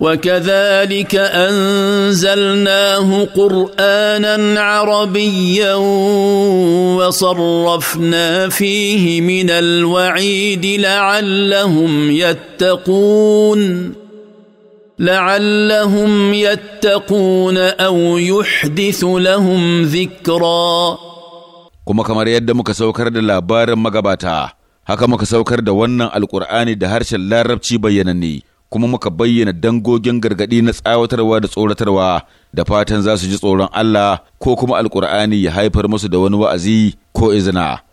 وكذلك انزلناه قرانا عربيا وصرفنا فيه من الوعيد لعلهم يتقون لعلهم يتقون او يحدث لهم ذكرا kuma kamar yadda muka saukar da labarin magabata haka muka saukar da wannan alkur'ani da harshen larabci bayyananne kuma muka bayyana dangogin gargaɗi na tsawatarwa da tsoratarwa da fatan za su ji tsoron Allah ko kuma Alƙur'ani ya haifar musu da wani wa'azi ko izina.